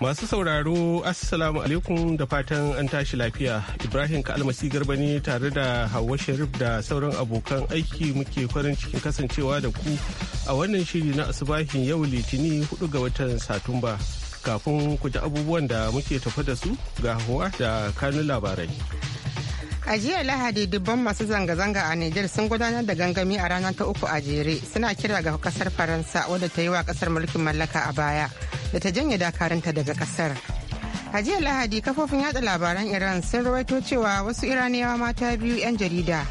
Masu sauraro Assalamu alaikum da fatan an tashi lafiya. Ibrahim Kalmasi Garba ne tare da Hauwa Sharif da sauran abokan aiki muke farin cikin kasancewa da ku a wannan shiri na asubahin yau litini 4 ga watan Satumba. Kafin ku ji abubuwan da muke tafa da su ga Hauwa da kanun labarai. A jiya Lahadi dubban masu zanga-zanga a Nijar sun gudanar da gangami a ranar ta uku a jere suna kira ga kasar Faransa wadda ta yi wa kasar mulkin mallaka a baya. da ta janye dakaranta daga kasar. A jiya Lahadi kafofin yada labaran Iran sun rawaito cewa wasu Iraniyawa mata biyu 'yan jarida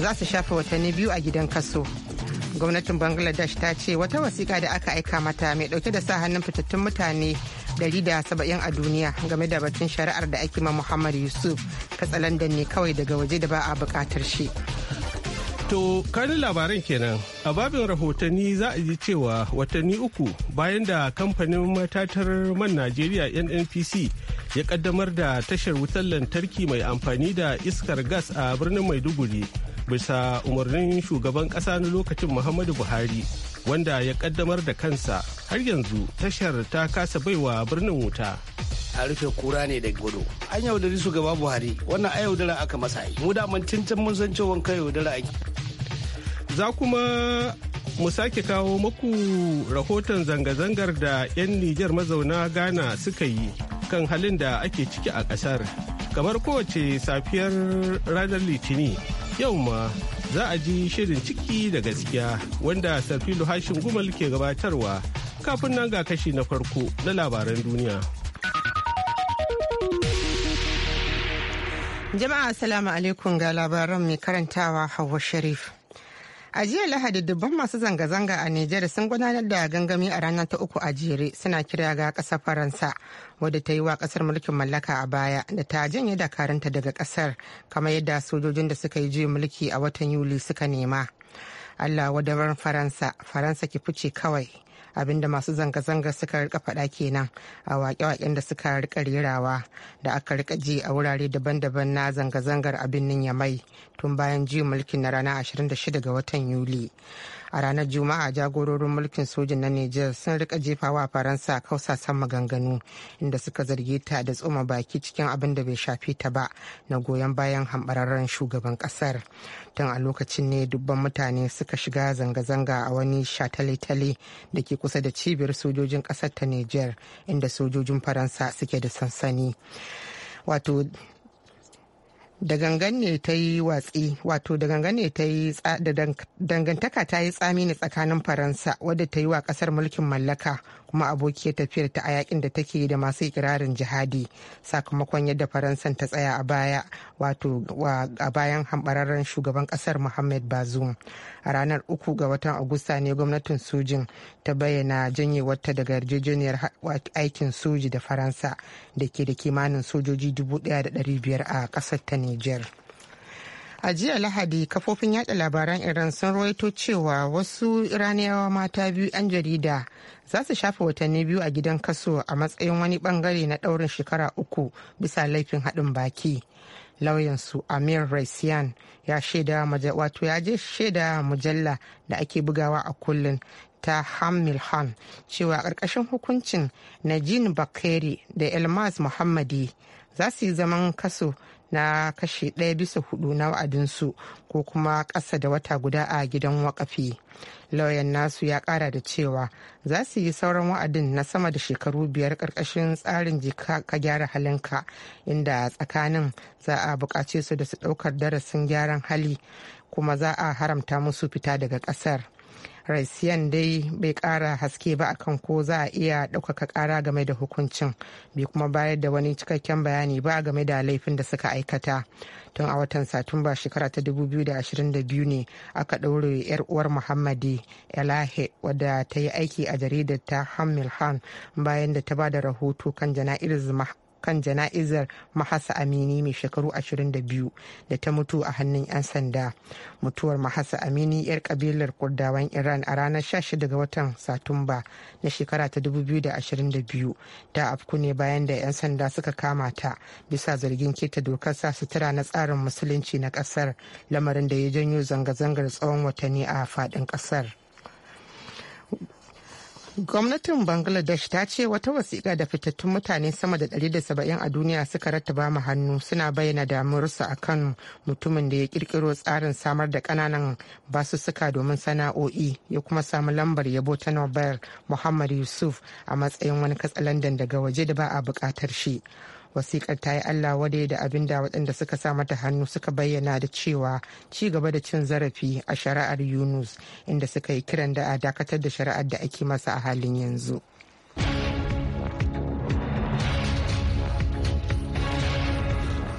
za su shafe watanni biyu a gidan kaso. Gwamnatin Bangladesh ta ce wata wasiƙa da aka aika mata mai ɗauke da sa hannun fitattun mutane da saba'in a duniya game da batun shari'ar da ake ma Muhammad Yusuf katsalandan ne kawai daga waje da ba a buƙatar shi. To kanin labaran kenan a babin rahotanni za a ji cewa watanni uku bayan da kamfanin matatar man Najeriya NNPC ya kaddamar da tashar wutar lantarki mai amfani da iskar gas a birnin Maiduguri bisa umarnin shugaban ƙasa na lokacin Muhammadu Buhari. wanda ya kaddamar da kansa har yanzu tashar ta kasa baiwa birnin wuta a rufe kura ne da gudu an yaudari su gaba buhari wannan a yaudara aka masa yi mu da mun san cewa kai yaudara ake za kuma mu sake kawo maku rahoton zanga-zangar da 'yan nijar mazauna ghana suka yi kan halin da ake ciki a kasar kamar kowace safiyar ranar litini Yau ma za a ji shirin ciki da gaskiya wanda Safilu Hashin Gumal ke gabatarwa kafin nan ga kashi na farko na labaran duniya. Jama'a salamu alaikum ga labaran mai karantawa Hauwa Sharif. A jiya Lahadi dubban masu zanga-zanga a Nijar sun gudanar da gangami a ranar ta uku a jere suna kira ga ƙasar Faransa wadda ta yi wa ƙasar mulkin mallaka a baya da ta janye dakarunta daga ƙasar kamar yadda sojojin da suka yi juyin mulki a watan Yuli suka nema. Allah wadabar Faransa, Faransa ki fice kawai abinda masu zanga-zanga suka rika faɗa kenan a wake-waken da suka rika rerawa da aka rika ji a wurare daban-daban na zanga-zangar abin mai tun bayan ji mulkin na ranar 26 ga watan yuli a ranar juma'a jagororin mulkin sojin na nijar sun rika jefawa faransa kausasan maganganu inda suka zarge ta da tsoma baki cikin abin da bai shafe ta ba na goyon bayan hambararren shugaban kasar tun a lokacin ne dubban mutane suka shiga zanga-zanga a wani shatale-tale da ke kusa da cibiyar sojojin kasar ta nijar inda sojojin faransa suke da sansani wato da gangan ne ta yi watsi wato da gangan ne ta yi dangantaka ta yi tsamini tsakanin faransa wadda ta yi wa kasar mulkin mallaka kuma abokiyar tafiyar ta a yakin da take da masu ikirarin jihadi sakamakon yadda faransan ta tsaya a baya wato a bayan hambararren shugaban kasar muhammad bazoum a ranar uku ga watan agusta ne gwamnatin sojin ta bayyana janyewarta daga yarjejeniyar aikin soji da faransa da ke da kimanin sojoji 1,500 a kasar ta niger a jiya lahadi kafofin yada labaran iran sun rawaito cewa wasu iraniyawa mata biyu 'yan jarida za su shafe watanni biyu a gidan kaso a matsayin wani bangare na daurin shekara uku bisa laifin haɗin baki lauyansu amir raisiyan ya shaida wato ya je shaida mujalla da ake bugawa a kullun ta hamilhan cewa ƙarƙashin hukuncin najin bakari da elmas muhammadi za su yi zaman kaso na kashi ɗaya bisa hudu na wa'adinsu ko kuma ƙasa da wata guda a gidan wakafi lauyan nasu ya ƙara da cewa za su yi sauran wa'adin na sama da shekaru biyar ƙarƙashin tsarin jika ka gyara halinka inda tsakanin za a buƙace su da su ɗaukar darasin gyaran hali kuma za a haramta musu fita daga ƙasar raisiyan dai bai kara haske ba akan ko za a iya ɗaukaka ƙara game da hukuncin bai kuma bayar da wani cikakken bayani ba game da laifin da suka aikata tun a watan satumba shekara ta 2022 ne aka ɗaure yar uwar muhammadi elahe wadda ta yi aiki a jaridar ta hamilhan bayan da ta ba da rahoto kan jana'izar kan jana'izar mahasa amini mai shekaru 22 da ta mutu a hannun 'yan sanda mutuwar mahasa amini 'yar kabilar kurdawan iran a ranar 16 ga watan satumba na shekara ta 2022 ta afku ne bayan da 'yan sanda suka kama ta bisa zargin keta dokar sa sutura na tsarin musulunci na kasar lamarin da ya janyo zanga-zangar tsawon watanni a faɗin kasar. Gwamnatin Bangladesh ta ce wata wasiƙa da fitattun mutane sama da 170 a duniya suka rattaba mu hannu suna bayyana damuwarsu a kan mutumin da ya kirkiro tsarin samar da ƙananan basussuka domin sana'o'i ya kuma samu lambar yabo ta Nobel Muhammad Yusuf a matsayin wani katsalandan daga waje da ba a buƙatar shi. wasikar ta yi allah wadai da abin da waɗanda suka sa mata hannu suka bayyana da cewa ci gaba da cin zarafi a shari'ar yunus inda suka yi kiran da a dakatar da shari'ar da ake masa a halin yanzu.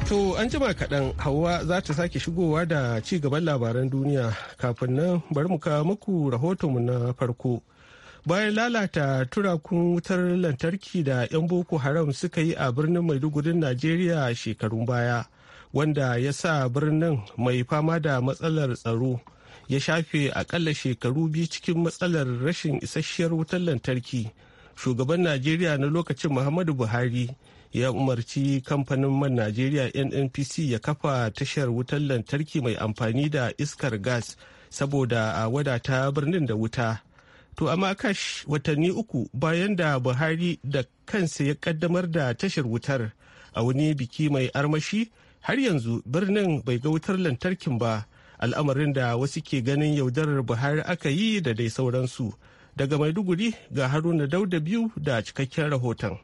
To an jima kaɗan hawa za ta sake shigowa da ci gaban labaran duniya kafin nan bari mu kawo muku rahotonmu na farko. bayan lalata turakun wutar lantarki da 'yan boko haram suka yi a birnin maidugurin najeriya shekarun baya wanda ya sa birnin mai fama da matsalar tsaro ya shafe akalla shekaru biyu cikin matsalar rashin isasshiyar wutar lantarki shugaban najeriya na lokacin muhammadu buhari ya umarci kamfanin man najeriya nnpc ya kafa tashar wutar lantarki mai amfani da iskar gas saboda a wadata birnin da wuta To amma kash watanni uku bayan da Buhari da kansa ya kaddamar da tashar wutar a wani biki mai armashi har yanzu birnin bai ga wutar lantarkin ba al'amarin da wasu ke ganin yaudarar Buhari aka yi da dai sauransu. Daga Maiduguri ga Haruna Dauda biyu da cikakken rahoton.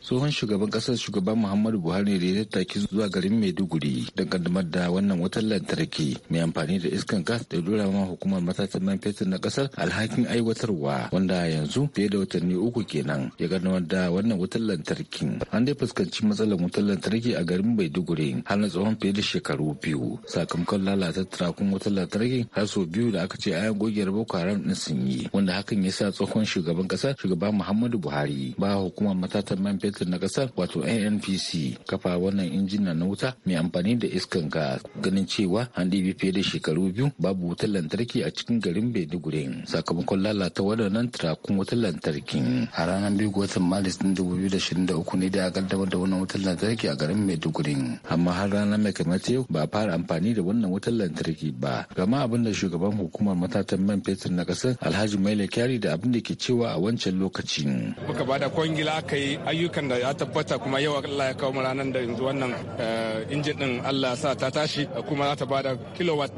tsohon shugaban kasar shugaban muhammadu buhari da ya tattaki zuwa garin maiduguri don kaddamar da wannan wutar lantarki mai amfani da iskan gas da dora ma hukumar matatan man fetur na kasar alhakin aiwatarwa wanda yanzu fiye da watanni uku kenan ya kaddamar da wannan wutar lantarki an dai fuskanci matsalar wutar lantarki a garin maiduguri har na tsawon fiye da shekaru biyu sakamakon lalata turakun wutar lantarki har sau biyu da aka ce ayan gogiyar boko haram din sun yi wanda hakan ya sa tsohon shugaban kasar shugaban muhammadu buhari ba hukumar matatan man electric na kasar wato nnpc kafa wannan injina na wuta mai amfani da iskan gas ganin cewa an ɗibi fiye da shekaru biyu babu wutar lantarki a cikin garin maiduguri sakamakon lalata waɗannan turakun wutar lantarki a ranar biyu ga watan maris ɗin dubu biyu da shirin da uku ne da aka kaddamar da wannan wutar lantarki a garin maiduguri amma har ranar mai kamar ta yau ba fara amfani da wannan wutar lantarki ba gama abin da shugaban hukumar matatan man fetur na kasar alhaji maila kyari da abin da ke cewa a wancan lokacin. muka bada kwangila aka yi ayyuka hakan da ya tabbata kuma yau Allah ya kawo ranar da yanzu wannan eh, injin din Allah sa ta tashi kuma za ta da kilowatt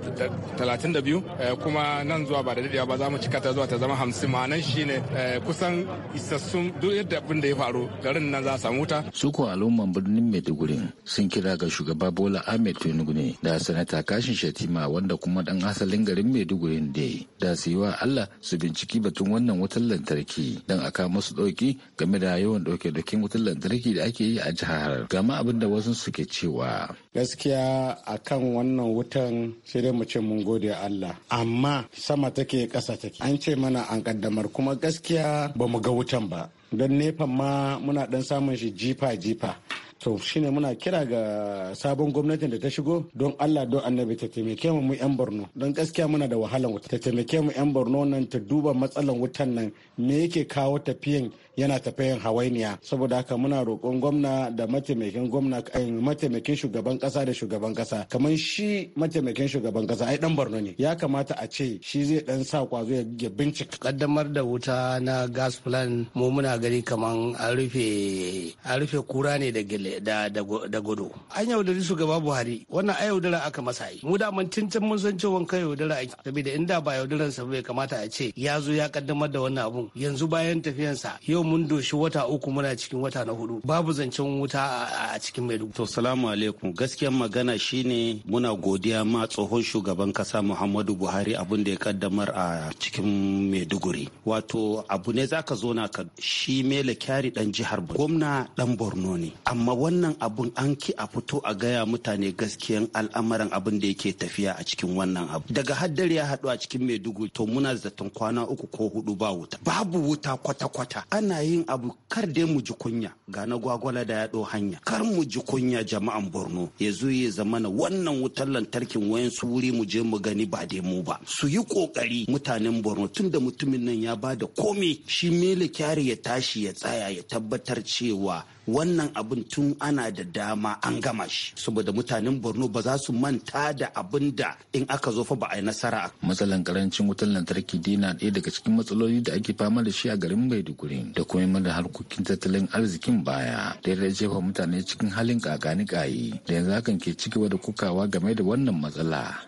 32 eh, kuma nan zuwa ba da daɗewa ba za mu cika ta zuwa ta zama 50 ma'anan shine eh, kusan isassun duk yadda abin da ya faru garin nan za a samu wuta su ko al'umman birnin Maiduguri sun kira ga shugaba Bola Ahmed Tinubu ne da sanata Kashin Shatima wanda kuma dan asalin garin Maiduguri ne da su yi wa Allah su binciki batun wannan wutar lantarki don aka musu ɗauki game da yawan dauke-daukin wutar lantarki da ake yi a jihar gama abin da wasu suke cewa gaskiya a kan wannan wutan sai dai mu ce mun gode Allah amma sama take ƙasa take an ce mana an kaddamar kuma gaskiya ba mu ga wutan ba don nefan ma muna ɗan samun shi jifa jifa to shine muna kira ga sabon gwamnatin da ta shigo don allah don annabi ta taimake mu mu yan borno don gaskiya muna da wahalan wuta ta taimake mu yan borno nan ta duba matsalan wutan nan me yake kawo tafiyan yana tafiyan hawainiya saboda haka muna roƙon gwamna da mataimakin gwamna eh, mataimakin shugaban kasa da shugaban kasa kamar shi mataimakin shugaban kasa ai dan Borno ne ya kamata a ce shi zai dan sa kwazo ya bincika kaddamar da wuta na gas plan mu muna gani kaman a rufe a rufe kura ne da da da gudu an yaudari shugaba Buhari wannan ai yaudara aka masa yi mu da mun tuntun mun san cewa kai yaudara ake saboda inda ba yaudaran sa bai kamata a ce ya zo ya kaddamar da wannan abun yanzu bayan tafiyansa yau yau mun doshi wata uku muna cikin wata na hudu babu zancen wuta a cikin maiduguri to salamu alaikum gaskiyar magana shine muna godiya ma tsohon shugaban kasa muhammadu buhari abin da ya kaddamar a cikin maiduguri wato abu ne zaka zo na ka shi mele kyari dan jihar gwamna dan borno ne amma wannan abun an ki a fito a gaya mutane gaskiyan al'amarin abin da yake tafiya a cikin wannan abu daga haddare ya haɗu a cikin maiduguri to muna zaton kwana uku ko hudu ba wuta babu wuta kwata-kwata ana muna yin abu kar dai mu ji kunya ga na gwagwala da yaɗo hanya kar mu ji kunya jama'an borno ya zo ya zama na wannan wutar lantarkin wayan su wuri mu je mu gani ba dai mu ba su yi kokari mutanen borno tunda mutumin nan ya bada komai shi mele kyari ya tashi ya tsaya ya tabbatar cewa wannan abin tun ana da dama an gama shi saboda mutanen borno ba za su manta da abin da in aka zo fa ba a yi nasara matsalan karancin wutar lantarki dina ɗaya daga cikin matsaloli da ake fama da shi a garin maiduguri da kuma da harkokin tattalin arzikin baya da ya jefa mutane cikin halin kakani kayi da yanzu hakan ke ci gaba da kukawa game da wannan matsala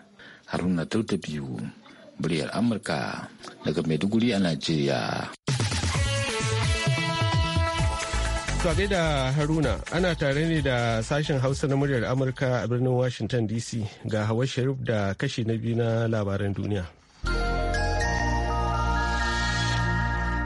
haruna tauta biyu muryar amurka daga maiduguri a najeriya To da Haruna ana tare ne da sashen Hausa na muryar Amurka a birnin Washington DC ga Hawa Sharif da kashi na biyu na labaran duniya.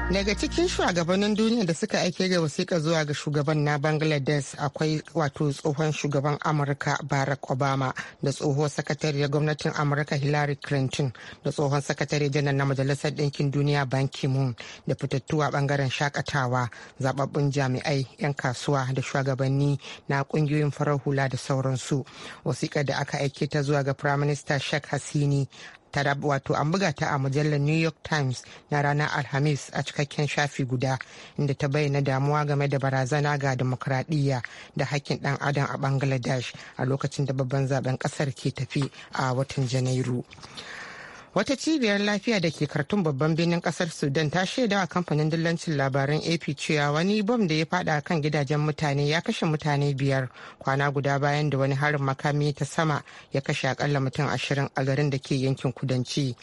daga cikin shugabannin duniya da suka aike ga wasiƙa zuwa ga shugaban na bangladesh akwai wato tsohon shugaban amurka barack obama da tsohon sakatare gwamnatin amurka hillary clinton da tsohon sakatare janar na majalisar ɗinkin duniya ban moon da fitattuwa ɓangaren bangaren shakatawa zababbun jami'ai 'yan kasuwa da shugabanni na ƙungiyoyin farar hula da sauransu wasiƙa da aka aike ta zuwa ga firaminista sheikh hasini ta wato an buga ta a mujallar new york times na ranar alhamis a cikakken shafi guda inda ta bayyana damuwa game da barazana ga demokradiyya da hakkin dan adam a bangladesh a lokacin da babban zaben kasar ke tafi a watan janairu wata cibiyar lafiya da ke kartun babban birnin kasar sudan ta shaida wa kamfanin dillancin labaran ap cewa wani bom da ya fada kan gidajen mutane ya kashe mutane biyar kwana guda bayan da wani harin makami ta sama ya kashe akalla mutum ashirin a garin da ke yankin kudanci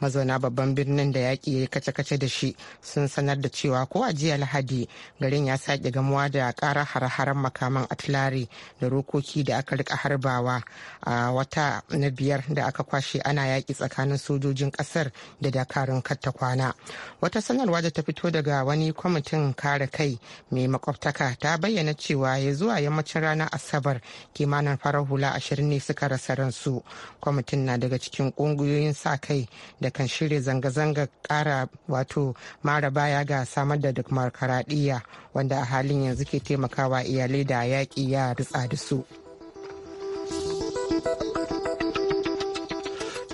mazauna babban birnin da yaƙi ya kace-kace da shi sun sanar da cewa ko a jiya lahadi garin ya sake gamuwa da karar hare-haren makaman atilari da rokoki da aka rika harbawa a wata na biyar da aka kwashe ana yaƙi tsakanin su sojojin kasar da dakarun katta kwana wata sanarwa da ta fito daga wani kwamitin kare kai mai makwabtaka ta bayyana cewa ya zuwa yammacin ranar asabar kimanin farar hula ashirin ne suka rasa ransu kwamitin na daga cikin kungiyoyin sa kai da kan shirya zanga-zanga kara wato mara baya ga samar da duk wanda a halin yanzu ke taimakawa iyalai da yaƙi ya ritsa da su.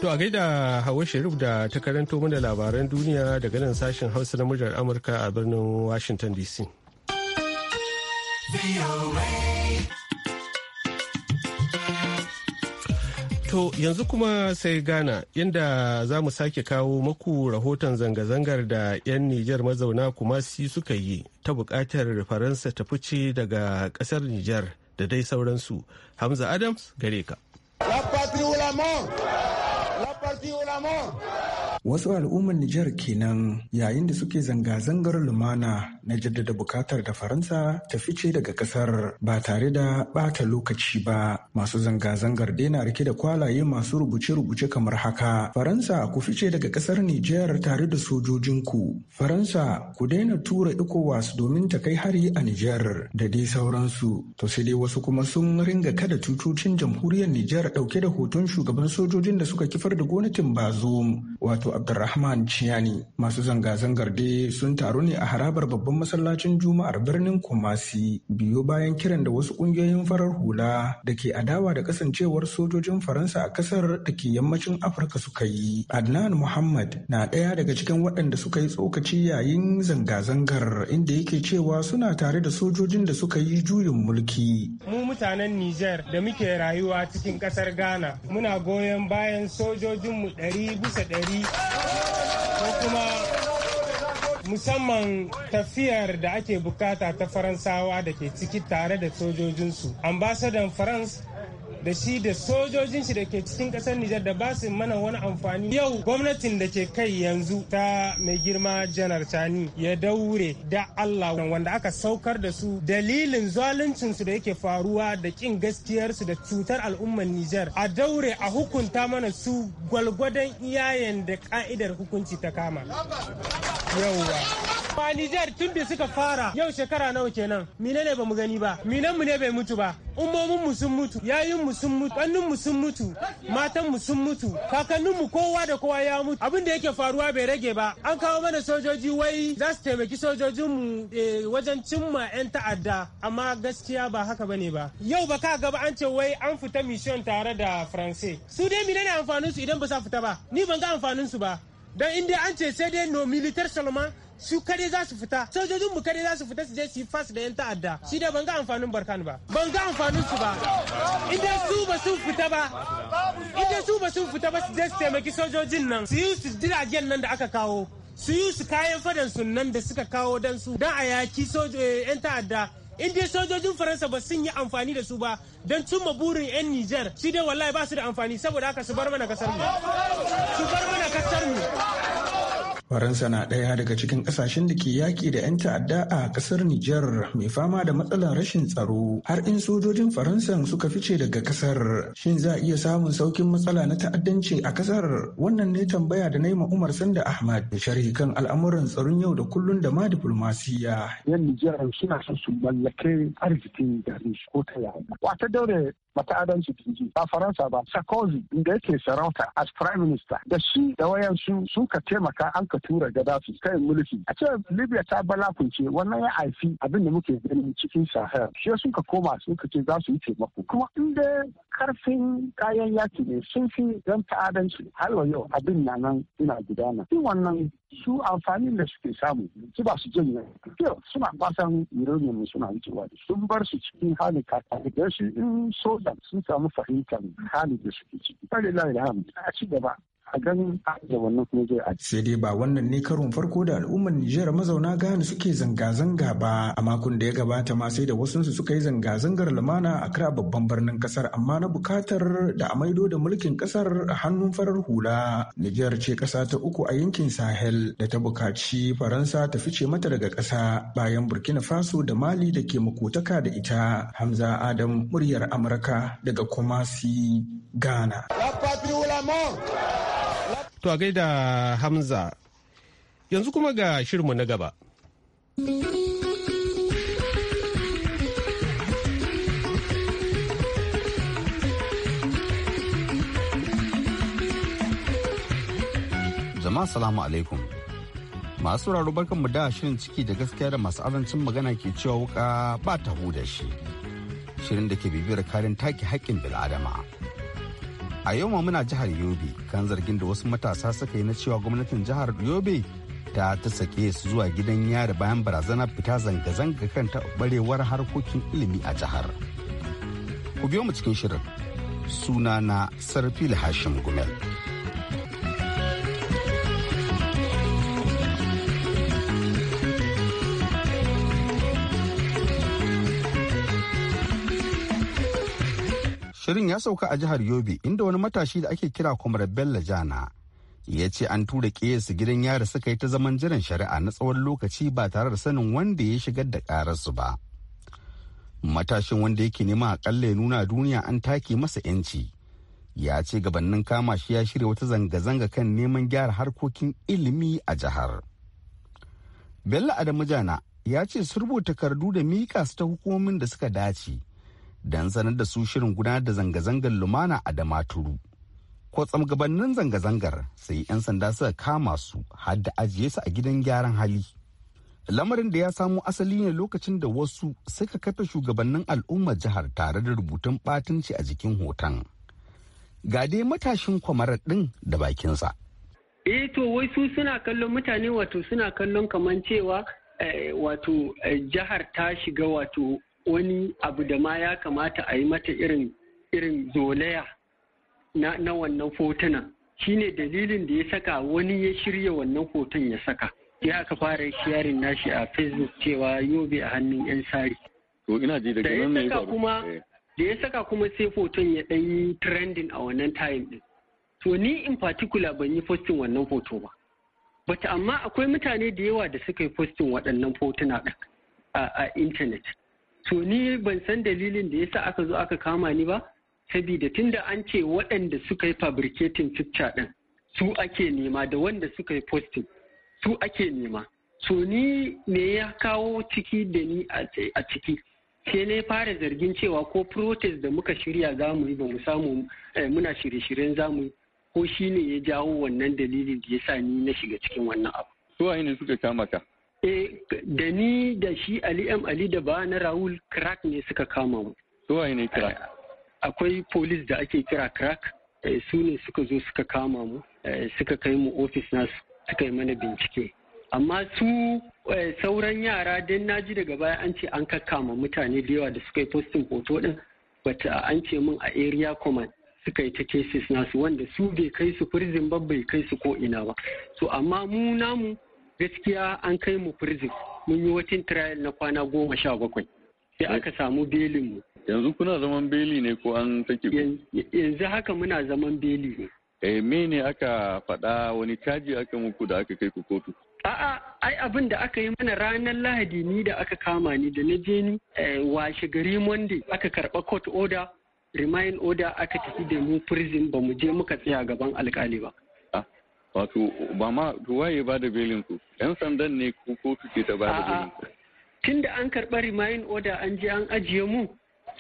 To a gaida hauwa Sharif da ta karanto mana labaran duniya daga nan sashen Hausa na muryar Amurka a birnin Washington DC. To yanzu kuma sai Ghana yadda za mu sake kawo maku rahoton zanga-zangar da 'yan Nijar mazauna Kumasi suka yi ta bukatar Faransa ta fice daga kasar Nijar da dai sauransu. Hamza Adams gare ka. La patrie ou la mort. la partido el amor. Wasu al'ummar Nijar kenan yayin da suke zanga-zangar lumana na jaddada bukatar da Faransa ta fice daga kasar ba tare da ɓata lokaci ba. Masu zanga-zangar dai na rike da kwalaye masu rubuce-rubuce kamar haka. Faransa ku fice daga kasar Nijar tare da sojojinku. Faransa ku daina tura ECOWAS domin ta kai hari a Nijar da dai sauransu. To sai dai wasu kuma sun ringa kada tutocin jamhuriyar Nijar ɗauke da hoton shugaban sojojin da suka kifar da gwamnatin Bazoum wato Abdulrahman Ciyani. Masu zanga-zangar dai sun taru ne a harabar babban masallacin Juma'ar birnin Kumasi biyo bayan kiran da wasu ƙungiyoyin farar hula da ke adawa da kasancewar sojojin Faransa a ƙasar da yammacin Afirka suka yi. Adnan Muhammad na ɗaya daga cikin waɗanda suka yi tsokaci yayin zanga-zangar inda yake cewa suna tare da sojojin da suka yi juyin mulki. Mu mutanen Nijar da muke rayuwa cikin ƙasar Ghana muna goyon bayan sojojinmu ɗari bisa ɗari ko kuma musamman tafiyar da ake bukata ta faransawa da ke ciki tare da sojojinsu ambasadan faransa da shi da sojojin shi da ke cikin kasar Nijar da ba su mana wani amfani. Yau gwamnatin da ke kai yanzu ta mai girma janar Tani ya daure da Allah wanda aka saukar da su dalilin zaluncin su da yake faruwa da kin gaskiyar su da cutar al'ummar Nijar. A daure a hukunta mana su gwalgwadon iyayen da ka'idar hukunci ta kama. Yauwa. Ba Nijar tun da suka fara yau shekara nawa kenan mine ne bamu gani ba minan mu ne bai mutu ba ummomin mu sun mutu yayin mu sun mutu kannun mu sun mutu matan mu sun mutu kakannin mu kowa da kowa ya mutu abin da yake faruwa bai rage ba an kawo mana sojoji wai za su taimaki sojojin mu eh, wajen cimma yan ta'adda amma gaskiya ba haka bane ba yau ba ka gaba an ce wai an fita mission tare da France. su dai mine ne amfanin su idan ba sa fita ba ni ban ga amfanin su ba dan inda an ce sai dai no militar salman su kare za su fita sojojin mu kare za su fita su je su fas da yan ta'adda shi da ban ga amfanin barkan ba ban ga amfanin su ba idan su ba su fita ba idan su ba su fita ba su je su taimaki sojojin nan su yi su jiragen nan da aka kawo su yi su kayan fadan su nan da suka kawo dan su dan a yaki eh, yan ta'adda in dai sojojin faransa ba sun yi amfani da su ba don cimma burin 'yan nijar shi dai wallahi ba su da amfani saboda haka su bar mana kasar mu su bar mana kasar mu Faransa na ɗaya daga cikin ƙasashen da ke yaƙi da 'yan ta'adda a ƙasar Nijar mai fama da matsalar rashin tsaro har in sojojin Faransan suka fice daga ƙasar. Shin za a iya samun saukin matsala na ta'addanci a ƙasar? Wannan ne tambaya da naima Umar Sanda Ahmad da sharhi kan al'amuran tsaron yau da kullun da ma diplomasiya. Yan Nijar suna son su mallake arzikin garin ko ta yaya. Wata daure mata adalci ba faransa ba sarkozy inda yake sarauta as prime minister da shi da wayansu sun ka taimaka an ka tura gaddafi kai mulki a ce libya ta balakunce wannan ya haifi abin da muke ganin cikin sahel shi sun ka koma sun ka ce za su yi taimako kuma in karfin kayan yaki ne sun fi don ta'adansu har yau abin na nan ina gudana. Shi wannan su amfani da suke samu su ba su janye Yau suna kwasan uranium suna wucewa sun bar su cikin hali kakari don su in da sun samu fahimtar hali da suke ciki. Fari lai da a ci gaba A hakan da wannan kuma zai a sai dai ba wannan ne karon farko da al'ummar Nijar mazauna gane suke zanga-zanga ba a makon da ya gabata ma sai da wasu su suka yi zanga-zangar lamana a kira babban birnin kasar amma na bukatar da a maido da mulkin kasar a hannun farar hula Nijar ce kasa ta uku a yankin Sahel da ta bukaci Faransa ta fice mata daga kasa bayan Burkina Faso da Mali da ke makotaka da ita Hamza Adam muryar Amurka daga Kumasi Ghana. La patrie ou la mort To a gaida Hamza. Yanzu kuma ga shirinmu na gaba. Jama'a salamu alaikum. Masu sauraro barkanmu da shirin ciki da gaskiya da masu azancin magana ke cewa wuka ba ta da shi. Shirin da ke bibiyar karin take haƙƙin bil'adama. a yau ma muna jihar yobe kan zargin da wasu matasa suka yi na cewa gwamnatin jihar yobe ta ta sake su zuwa gidan yari bayan barazana fita zanga-zanga kan taɓarewar harkokin ilimi a jihar ku biyo mu cikin shirin sunana sarfil hashim gumel Shirin ya sauka a jihar Yobe inda wani matashi da ake kira kwamar Bello Jana ya ce an tura su gidan yara suka yi ta zaman jiran shari'a na tsawon lokaci ba tare da sanin wanda ya shigar da ƙararsu ba. Matashin wanda yake nema akalla ya nuna duniya an take masa 'yanci. Ya ce gabanin kama shi ya shirya wata zanga-zanga kan neman gyara harkokin ilimi a jihar. Bello Adamu Jana ya ce su rubuta takardu da mika su ta hukumomin da suka dace. don sanar da su shirin gudanar da zanga-zangar lumana a damaturu kwatsam gabanin zanga-zangar sai 'yan sanda suka kama su har da ajiye su a gidan gyaran hali lamarin da ya samu asali ne lokacin da wasu suka kafe shugabannin al'ummar jihar tare da rubutun batunci a jikin hoton Gade matashin kwamarar ɗin da bakinsa eh to wai su suna kallon mutane wato suna kallon kaman cewa eh, wato eh, jihar ta shiga wato wani abu da ma ya kamata a yi mata irin irin zolaya na, na wannan fotunan shine dalilin da ya saka wani ya shirya wannan hoton ya saka ya aka fara sharing nashi a facebook cewa yobe a hannun yan sari eh. da ya saka kuma sai hoton ya dan yi trending a wannan time din to ni in particular ban yi postin wannan hoto ba bata amma akwai mutane da yawa da suka yi fostin waɗannan hotuna a, a intanet to ni ban san dalilin da yasa aka zo aka kama ni ba sabida tunda an ce waɗanda suka yi fabriketin picture ɗin su ake nema da wanda suka yi posting su ake nema to ni me ya kawo ciki da ni a ciki sai na fara zargin cewa ko protest da muka shirya za mu yi ba mu samu eh, muna shirye-shiryen za mu yi ko shine ya jawo wannan dalilin da ya sa ni na shiga cikin wannan abu. Su ne suka kama ka? E, da ni da shi Ali M Ali da ba na Raul crack ne suka kama mu. Suwaye ne crack? Eh, akwai polis da ake kira crack eh, su ne suka zo suka kama mu suka kai mu ofis nasu suka yi mana bincike. Amma su sauran yara don naji daga baya an ce an kakama mutane da yawa da suka yi postin hoto din wata ah, an ce min a area command suka yi ta cases nasu wanda su bai kai su prison ba bai kai su ko ina ba. So amma mu namu gaskiya an kai mu prison mun yi watin trial na kwana goma sha bakwai sai aka samu belin mu yanzu kuna zaman beli ne ko an sake yanzu haka muna zaman beli ne eh ne aka faɗa wani caji aka muku da aka kai ku kotu a'a ai abin da aka yi mana ranar lahadi ni da aka kama ni da na je ni eh, washe gari monday aka karɓa court order remind order aka tafi da mu prison ba mu je muka tsaya gaban alƙali ba wato ba ma waye ba da belin ku yan sandan ne ko kotu ce ta ba da belin ku tun da an karɓa remain order an je an ajiye mu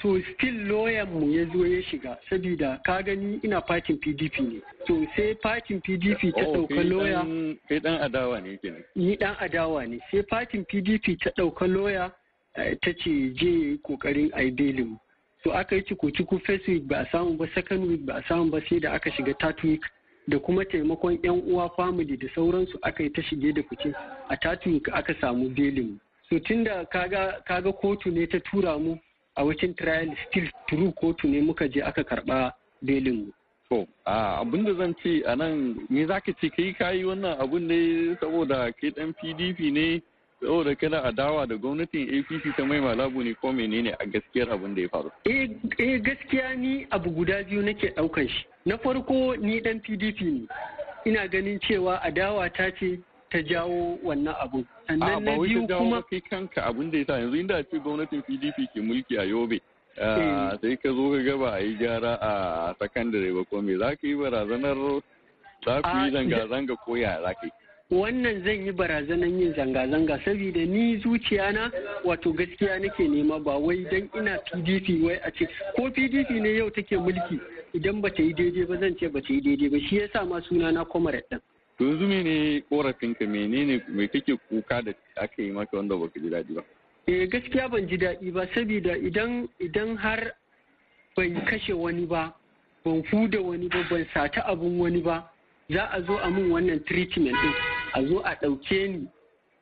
so still lawyer mu ya zo ya shiga saboda ka gani ina fatin pdp ne so sai fatin pdp ta oh, ɗauka lawyer kai dan adawa ne kenan ni dan adawa ne sai fatin pdp ta ɗauka lawyer eh, ta ce je kokarin ai belin so aka yi ciku ciku first week ba a samu ba second week ba a samu ba sai da aka shiga third week da kuma taimakon 'yan uwa family da sauransu aka yi ta shige da fice a tatu aka samu belin so tunda kaga kaga kotu ne ta tura mu a wakin trial still true kotu ne muka je aka karba belin mu To, abin da zan ce a nan, me za ka ce ka kayi wannan abun ne saboda ke dan PDP ne saboda kana adawa da gwamnatin apc ta mai malabu ne ko menene a gaskiyar abin da ya faru eh, eh gaskiya ni abu guda biyu nake daukan shi na farko ni dan pdp ne ina ganin cewa adawa ta ce ta jawo wannan abu sannan na biyu kuma kai kanka abin da yasa yanzu inda ce gwamnatin pdp ke mulki a yobe eh. ah, sai ka zo ka gaba a yi gyara a sakandare ba ko me za ka yi barazanar za ku yi zanga-zanga ko yaya za ka yi wannan zan yi barazanan yin zanga-zanga saboda ni zuciya na wato gaskiya nake nema ba wai dan ina pdp wai a ce ko pdp ne yau take mulki idan ba ta yi daidai ba zan ce ba ta yi daidai ba shi yasa ma suna na comrade din to yanzu mene korafinka menene me kake kuka da aka yi maka wanda baka ji daɗi ba eh gaskiya ban ji daɗi ba saboda idan idan har ban kashe wani ba ban fuda wani ba ban sata abun wani ba za a zo a min wannan treatment din a zo a ɗauke ni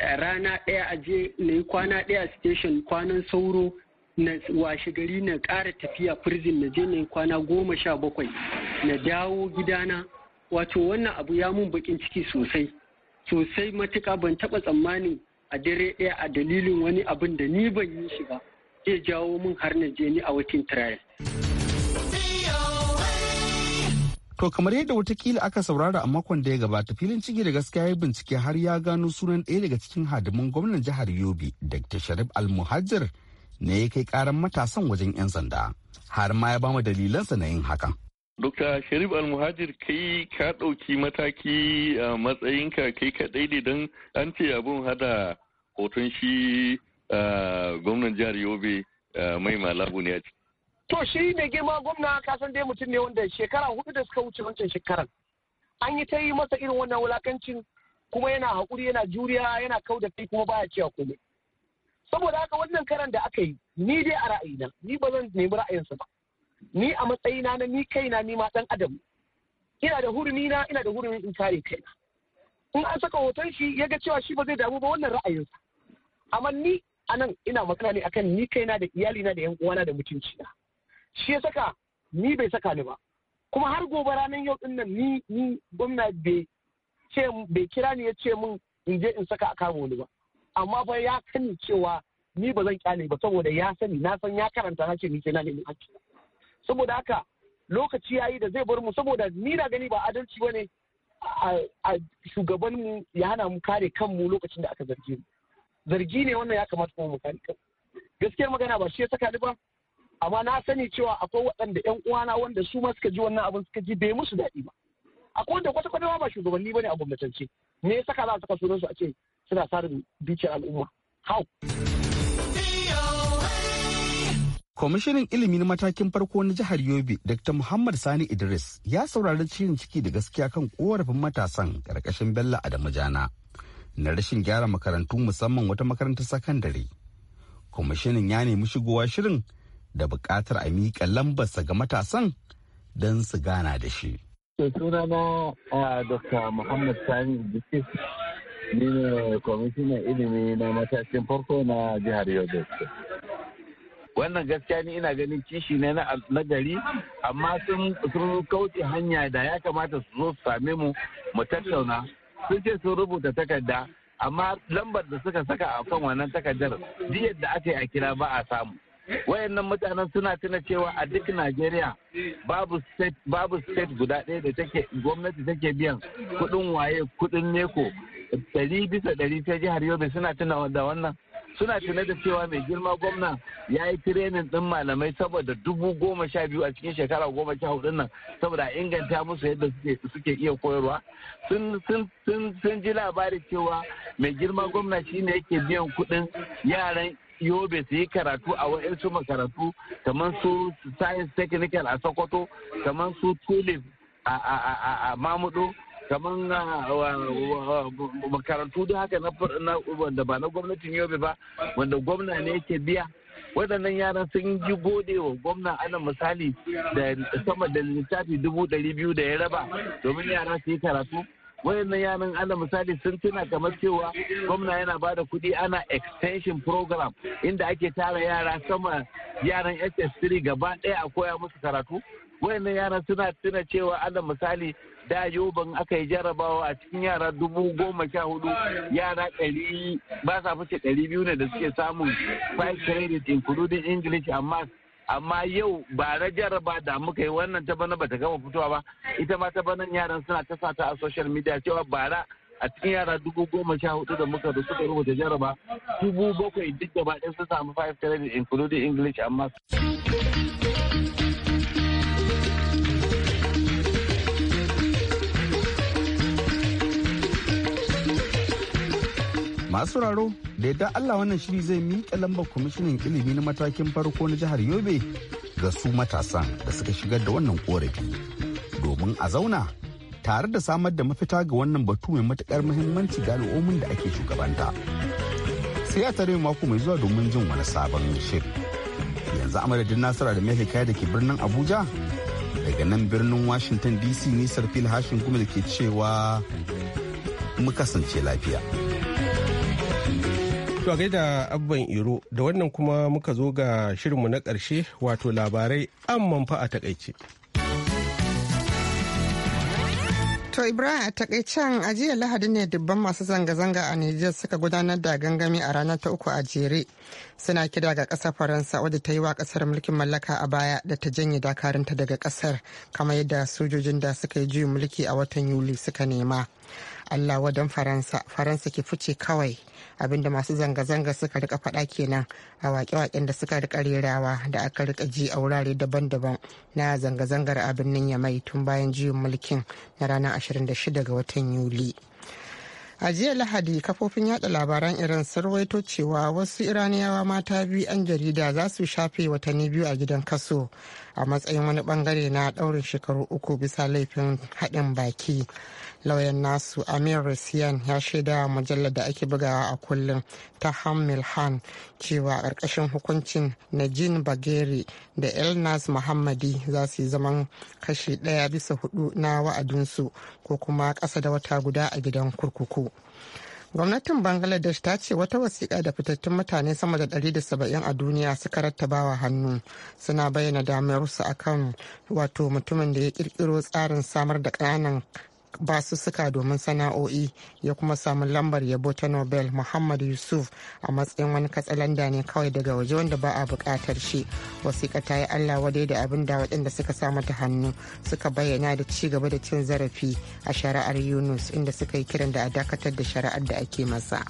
rana ɗaya a je na yi kwana ɗaya a station kwanan sauro na washe gari na ƙara tafiya prison na je na yi kwana goma sha bakwai na dawo gidana wato wannan abu ya mun bakin ciki sosai sosai matuka ban taɓa tsammanin a dare ɗaya a dalilin wani abin da ni ban yi shi ba zai jawo mun har na je ni a watin trial. To kamar yadda watakila aka saurara a makon da ya gabata filin ciki da gaskiya ya bincike har ya gano sunan ɗaya daga cikin hadimin gwamnan jihar Yobe, Dr. Sharif Almuhajir ne ya kai karan matasan wajen 'yan sanda. Har ma ya bamu dalilansa na yin hakan. Dr. Sharif Almuhajir kai ka ɗauki mataki a matsayinka kai kaɗai ne don an ce abun hada hoton shi gwamnan jihar Yobe mai malabu ne a ciki. To shi mai girma gwamna ka san dai mutum ne wanda shekara hudu da suka wuce wancan shekaran. An yi ta yi masa irin wannan wulakancin kuma yana haƙuri yana juriya yana kau da kai kuma baya cewa komai. Saboda haka wannan karan da aka yi ni dai a ra'ayina ni ba zan nemi ra'ayinsa ba. Ni a matsayina na ni kaina ni ma ɗan adam. Ina da hurumi na ina da hurumi in kare kaina. In an saka hoton shi ya ga cewa shi ba zai damu ba wannan ra'ayinsa. Amma ni a nan ina magana ne akan ni kaina da iyalina da 'yan uwana da mutuncina. shi ya saka ni bai saka ni ba kuma har gobe ranar yau din nan ni ni gwamna bai ce bai kira ni ya ce min in je in saka a kama wani ba amma fa ya sani cewa ni ba zan kyale ba saboda ya sani na san ya karanta na ce ni sai na hakki saboda haka lokaci yayi da zai bar mu saboda ni na gani ba adalci bane a shugaban mu ya hana mu kare kanmu lokacin da aka zarge mu zargi ne wannan ya kamata mu kare kanmu gaskiyar magana ba shi ya saka ni ba amma na sani cewa akwai waɗanda ƴan uwana wanda su ma suka ji wannan abin suka ji bai musu daɗi ba akwai wanda kwata kwata ba shugabanni bane a gwamnatance me ya saka za su saka sunansu a ce suna sarin dukiyar al'umma how Kwamishinan ilimi na matakin farko na jihar Yobe, Dr. Muhammad Sani Idris, ya saurari cikin ciki da gaskiya kan korafin matasan karkashin Bello Adamu Jana na rashin gyara makarantu musamman wata makarantar sakandare. Kwamishinan ya nemi shigowa shirin da buƙatar a miƙa lambarsa ga matasan don su gana da shi. sunana na dr muhammad sani bisis ni ne kwamishinan ilimi na matashin farko na jihar yobe wannan gaskiya ni ina ganin kishi ne na gari amma sun kauce hanya da ya kamata su zo su same mu mu tattauna sun ce sun rubuta takarda amma lambar da suka saka a kan wannan takardar jiyar da aka yi a kira ba a samu wayannan mutanen suna tuna cewa a duk Najeriya babu state babu state guda ɗaya da take gwamnati take biyan kuɗin waye kuɗin neko ɗari bisa ɗari ta jihar Yobe suna tuna da wannan suna tuna da cewa mai girma gwamna ya yi tirenin din malamai saboda dubu goma sha biyu a cikin shekara goma sha hudu nan saboda inganta musu yadda suke iya koyarwa sun ji labari cewa mai girma gwamna shine yake biyan kuɗin yaran yobe su yi karatu a waɗansu makarantu kamar su science technical a sokoto kamar su tulip a mamudu kamar makarantu da haka na wanda ba na gwamnatin yobe ba wanda gwamna ne yake biya waɗannan yaran sun yi gode wa gwamna ana misali da sama da littafi dubu ɗari biyu da ya raba domin yara su yi karatu wayannan yaran ana misali sun tuna kamar cewa gwamna yana ba da kuɗi ana extension program inda ake tara yara sama yaran ss3 gaba ɗaya a koya musu karatu wayannan yaran suna tuna cewa ana misali da yoban aka yi jarabawa a cikin yara dubu goma sha hudu yara ɗari ba sa fice ɗari biyu ne da suke samun five credit including english and math. amma yau ba na jaraba da muka yi wannan ta bana bata gama fitowa ba ita ma ta banan yaran suna ta sata a social media cewa bara a cikin yara dubu goma sha hudu da muka da suka rubuta jaraba dubu bakwai duk gaba ɗaya sun samu five credit including english amma masu sauraro da yadda allah wannan shiri zai miƙe lambar kwamishinan ilimi na matakin farko na jihar yobe ga su matasan da suka shigar da wannan korafi domin a zauna tare da samar da mafita ga wannan batu mai matukar muhimmanci ga al'ummin da ake shugabanta sai a tare mako mai zuwa domin jin wani sabon shiri yanzu amadadin nasara da mai da ke birnin abuja daga nan birnin washington dc nisar fil hashin kuma da ke cewa mu kasance lafiya. To da abban iro da wannan kuma muka zo ga shirinmu na ƙarshe wato labarai an fa a takaice. To Ibrahim a takaicen a jiya Lahadi ne dubban masu zanga-zanga a Nijar suka gudanar da gangami a ranar ta uku a jere. Suna kira ga ƙasar Faransa wadda ta yi wa kasar mulkin mallaka a baya da ta janye dakarinta daga kasar kamar yadda sojojin da suka yi juyin mulki a watan Yuli suka nema. Allah wadan Faransa, Faransa ke fice kawai. abinda masu zanga-zanga suka rika faɗa kenan a waƙe-waƙen da suka rika rerawa da aka rika ji a wurare daban-daban na zanga-zangar a birnin yamai tun bayan juyin mulkin na ranar 26 ga watan yuli. a jiya lahadi kafofin yada labaran iran sun rawaito cewa wasu iraniyawa mata biyu 'yan jarida za su shafe watanni biyu a gidan kaso a matsayin wani bangare na daurin shekaru uku bisa laifin haɗin baki lauyan nasu amir rasiyan ya shaida mujallar da ake bugawa a kullum ta hamil han cewa a ƙarƙashin hukuncin najin bageri da elnas muhammadi za su yi zaman kashi ɗaya bisa hudu na wa'adinsu ko kuma ƙasa da wata guda a gidan kurkuku gwamnatin bangladesh ta ce wata wasiƙa da fitattun mutane sama da 170 a duniya suka rattabawa hannu suna bayyana damarsu akan wato mutumin da ya ƙirƙiro tsarin samar da ƙananan suka domin sana'o'i ya kuma samu lambar yabo ta nobel muhammad yusuf a matsayin wani katsalanda ne kawai daga waje wanda ba a bukatar shi wasiƙa ta yi allah wadai da abin da waɗanda suka samu ta hannu suka bayyana da ci gaba da cin zarafi a shari'ar yunus inda suka yi kiran da a dakatar da shari'ar da ake masa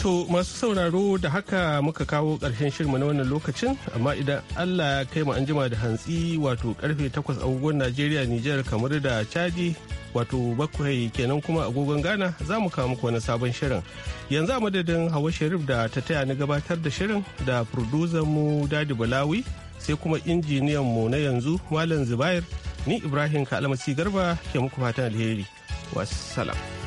To masu sauraro da haka muka kawo ƙarshen shirma na wannan lokacin amma idan Allah ya kai mu an jima da hantsi wato karfe 8 agogon Najeriya Nijar kamar da Chadi wato bakwai kenan kuma agogon Ghana za mu kawo muku wani sabon shirin. Yanzu a madadin Hawa Sharif da ta taya ni gabatar da shirin da producer mu Dadi Balawi sai kuma injiniyan mu na yanzu Malam Zubair ni Ibrahim Kalmasi Garba ke muku fatan alheri. Wassalam.